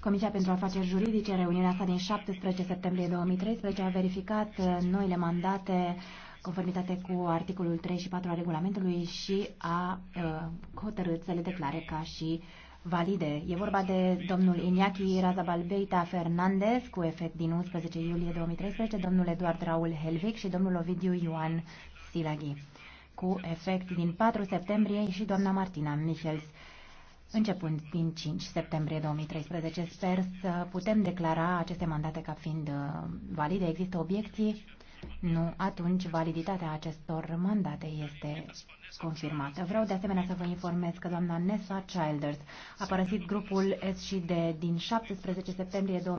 Comisia pentru Afaceri Juridice, reuniunea sa din 17 septembrie 2013, a verificat uh, noile mandate conformitate cu articolul 3 și 4 al regulamentului și a uh, hotărât să le declare ca și valide. E vorba de domnul Iñaki Razabalbeita Fernandez, cu efect din 11 iulie 2013, domnul Eduard Raul Helvic și domnul Ovidiu Ioan Silaghi, cu efect din 4 septembrie și doamna Martina Michels începând din 5 septembrie 2013. Sper să putem declara aceste mandate ca fiind uh, valide. Există obiecții? Nu, atunci validitatea acestor mandate este confirmată. Vreau de asemenea să vă informez că doamna Nessa Childers a părăsit grupul SCD din 17 septembrie 2013.